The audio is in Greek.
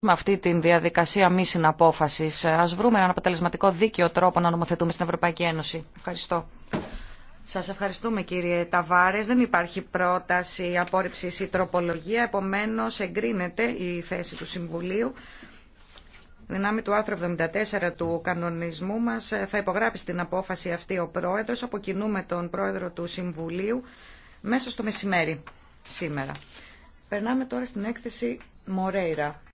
με αυτή τη διαδικασία μη συναπόφαση. Α βρούμε έναν αποτελεσματικό δίκαιο τρόπο να νομοθετούμε στην Ευρωπαϊκή Ένωση. Ευχαριστώ. Σα ευχαριστούμε κύριε Ταβάρε. Δεν υπάρχει πρόταση απόρριψη ή τροπολογία. Επομένω, εγκρίνεται η θέση του Συμβουλίου. Δυνάμει του άρθρου 74 του κανονισμού μα ε, θα υπογράψει την απόφαση αυτή ο πρόεδρο. Αποκινούμε τον πρόεδρο του Συμβουλίου μέσα στο μεσημέρι σήμερα. Περνάμε τώρα στην έκθεση Μορέιρα.